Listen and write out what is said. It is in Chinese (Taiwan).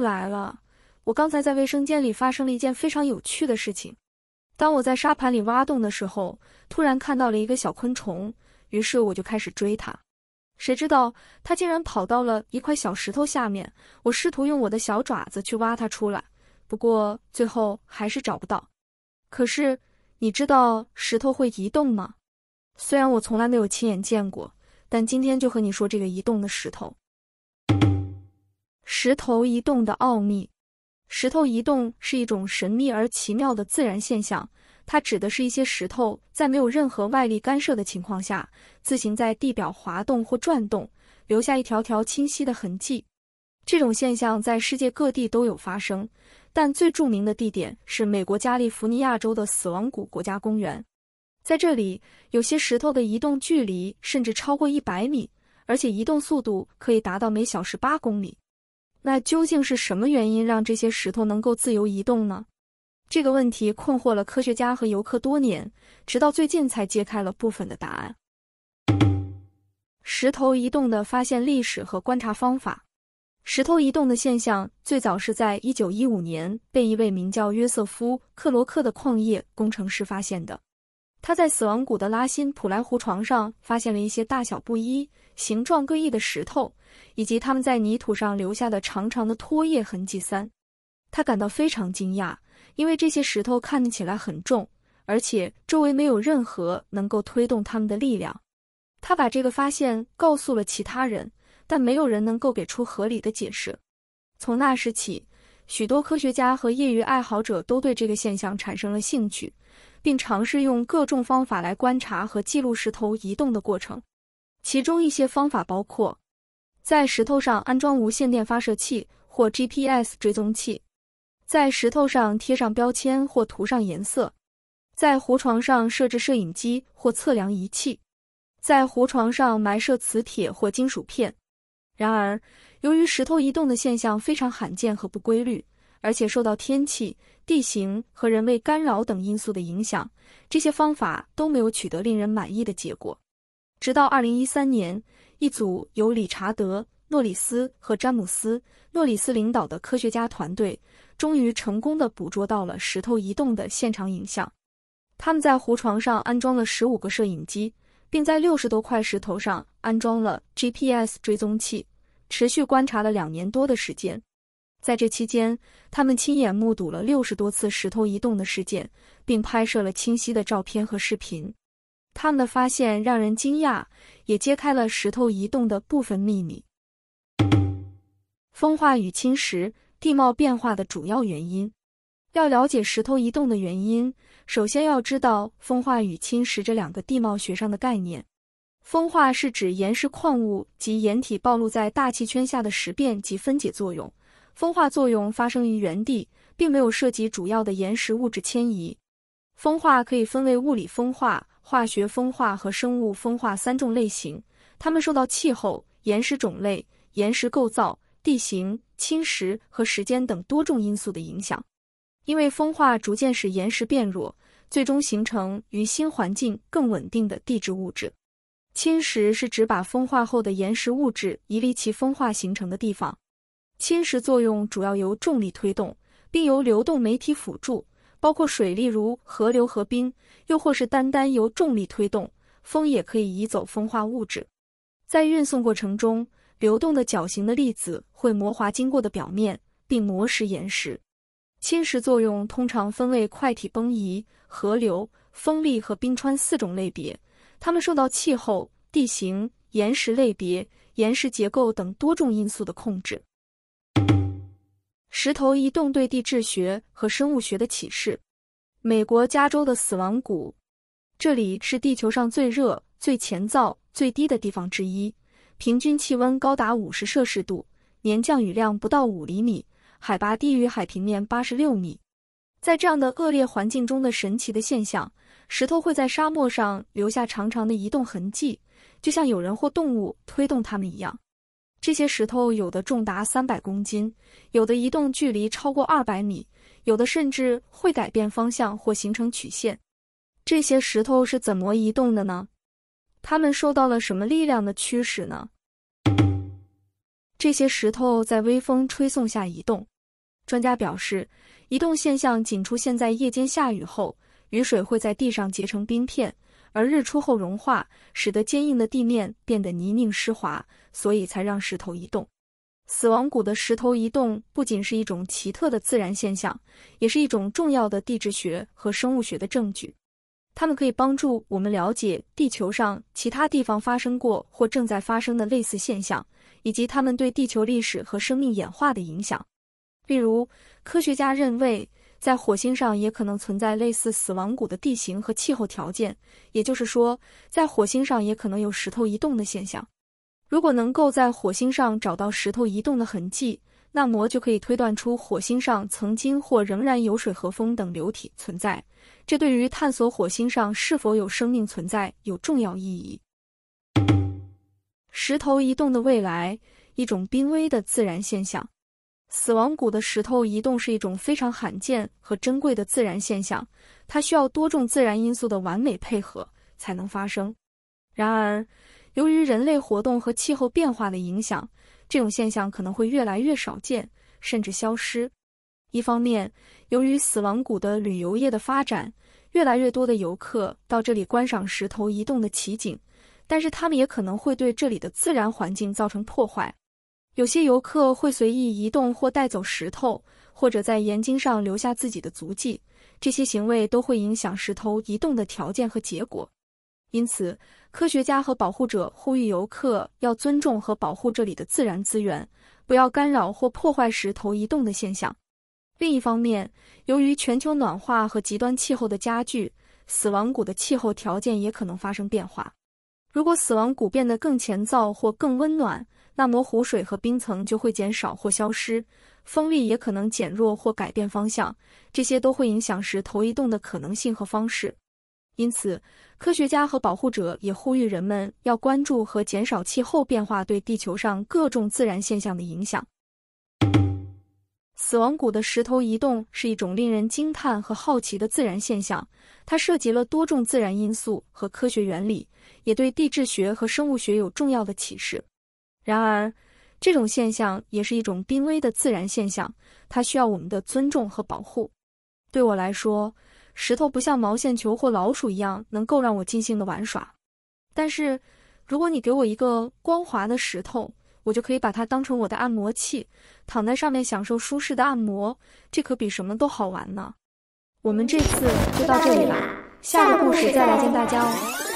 來了，我剛才在衛生間裡發生了一件非常有趣的事情。當我在沙盤裡挖洞的時候，突然看到了一個小昆蟲，於是我就開始追它。誰知道它竟然跑到了一塊小石頭下面。我試圖用我的小爪子去挖它出來，不過最後還是找不到。可是你知道石頭會移動嗎？雖然我從來沒有親眼見過，但今天就和你說這個移動的石頭。石頭移動的奧秘，石頭移動是一種神秘而奇妙的自然現象。它指的是一些石頭在沒有任何外力干涉的情況下，自行在地表滑動或轉動，留下一條條清晰的痕跡。這種現象在世界各地都有發生，但最著名的地點是美國加利福尼亞州的死亡谷國家公園。在這裡，有些石頭的移動距離甚至超過一百米，而且移動速度可以達到每小時八公里。那究竟是什麼原因讓這些石頭能夠自由移動呢？這個問題困惑了科學家和遊客多年，直到最近才揭開了部分的答案。石頭移動的發現歷史和觀察方法。石頭移動的現象最早是在1915年被一位名叫約瑟夫·克羅克的礦業工程師發現的。他在死亡谷的拉辛普萊湖床上發現了一些大小不一、形狀各異的石頭，以及他們在泥土上留下的長長的拖曳痕跡。三，他感到非常驚訝，因為這些石頭看起來很重，而且周圍沒有任何能夠推動他們的力量。他把這個發現告訴了其他人，但沒有人能夠給出合理的解釋。從那時起，許多科學家和業餘愛好者都對這個現象產生了興趣。並嘗試用各種方法來觀察和記錄石頭移動的過程，其中一些方法包括：在石頭上安裝無線電發射器或 GPS 追蹤器，在石頭上貼上標籤或塗上顏色，在湖床上設置攝影機或測量儀器，在湖床上埋設磁鐵或金屬片。然而，由於石頭移動的現象非常罕見和不規律，而且受到天氣、地形和人為干擾等因素的影響，這些方法都沒有取得令人滿意的結果。直到二零一三年，一組由理查德·諾里斯和詹姆斯·諾里斯領導的科學家團隊，終於成功地捕捉到了石頭移動的現場影像。他們在湖床上安裝了十五個攝影機，並在六十多塊石頭上安裝了 GPS 追蹤器，持續觀察了兩年多的時間。在這期間，他們親眼目睹了六十多次石頭移動的事件，並拍攝了清晰的照片和視頻。他們的發現讓人驚訝，也揭開了石頭移動的部分秘密。風化與侵蝕、地貌變化的主要原因。要了解石頭移動的原因，首先要知道風化與侵蝕這兩個地貌學上的概念。風化是指岩石、礦物及岩體暴露在大氣圈下的蝕變及分解作用。風化作用發生於原地，並沒有涉及主要的岩石物質遷移。風化可以分為物理風化、化學風化和生物風化三種類型，它們受到氣候、岩石種類、岩石構造、地形、侵蝕和時間等多種因素的影響。因為風化逐漸使岩石變弱，最終形成與新環境更穩定的地質物質。侵蝕是指把風化後的岩石物質移離其風化形成的地方。侵蝕作用主要由重力推動，並由流動媒體輔助，包括水，例如河流和冰，又或是單單由重力推動。風也可以移走風化物質。在運送過程中，流動的角形的粒子會磨滑經過的表面，並磨蝕岩石。侵蝕作用通常分為塊體崩移、河流、風力和冰川四種類別。它們受到氣候、地形、岩石類別、岩石結構等多種因素的控制。石頭移動對地質學和生物學的啟示。美國加州的死亡谷，這裡是地球上最熱、最乾燥、最低的地方之一，平均氣溫高達五十攝氏度，年降雨量不到五厘米，海拔低於海平面八十六米。在這樣的惡劣環境中的神奇的現象，石頭會在沙漠上留下長長的移動痕跡，就像有人或動物推動它們一樣。這些石頭有的重達三百公斤，有的移動距離超過二百米，有的甚至會改變方向或形成曲線。這些石頭是怎麼移動的呢？它們受到了什麼力量的驅使呢？這些石頭在微風吹送下移動。專家表示，移動現象僅出現在夜間下雨後，雨水會在地上結成冰片。而日出後融化，使得堅硬的地面變得泥濘濕滑，所以才讓石頭移動。死亡谷的石頭移動不僅是一種奇特的自然現象，也是一種重要的地質學和生物學的證據。它們可以幫助我們了解地球上其他地方發生過或正在發生的類似現象，以及它們對地球歷史和生命演化的影響。例如，科學家認為，在火星上也可能存在類似死亡谷的地形和氣候條件，也就是說，在火星上也可能有石頭移動的現象。如果能夠在火星上找到石頭移動的痕跡，那麼就可以推斷出火星上曾經或仍然有水和風等流體存在。這對於探索火星上是否有生命存在有重要意義。石頭移動的未來，一種瀕危的自然現象。死亡谷的石頭移動是一種非常罕見和珍貴的自然現象，它需要多種自然因素的完美配合才能發生。然而，由於人類活動和氣候變化的影響，這種現象可能會越來越少見，甚至消失。一方面，由於死亡谷的旅遊業的發展，越來越多的遊客到這裡觀賞石頭移動的奇景，但是他們也可能會對這裡的自然環境造成破壞。有些遊客會隨意移動或帶走石頭，或者在岩晶上留下自己的足跡，這些行為都會影響石頭移動的條件和結果。因此，科學家和保護者呼籲遊客要尊重和保護這裡的自然資源，不要干擾或破壞石頭移動的現象。另一方面，由於全球暖化和極端氣候的加劇，死亡谷的氣候條件也可能發生變化。如果死亡谷變得更乾燥或更溫暖，那麼湖水和冰層就會減少或消失，風力也可能減弱或改變方向，這些都會影響石頭移動的可能性和方式。因此，科學家和保護者也呼籲人們要關注和減少氣候變化對地球上各種自然現象的影響。死亡谷的石頭移動是一種令人驚嘆和好奇的自然現象，它涉及了多種自然因素和科學原理，也對地質學和生物學有重要的啟示。然而，這種現象也是一種瀕危的自然現象，它需要我們的尊重和保護。對我來說，石頭不像毛線球或老鼠一樣能夠讓我盡興的玩耍。但是，如果你給我一個光滑的石頭，我就可以把它當成我的按摩器，躺在上面享受舒適的按摩。這可比什麼都好玩呢。我們這次就到這裡吧，下個故事再來見大家哦。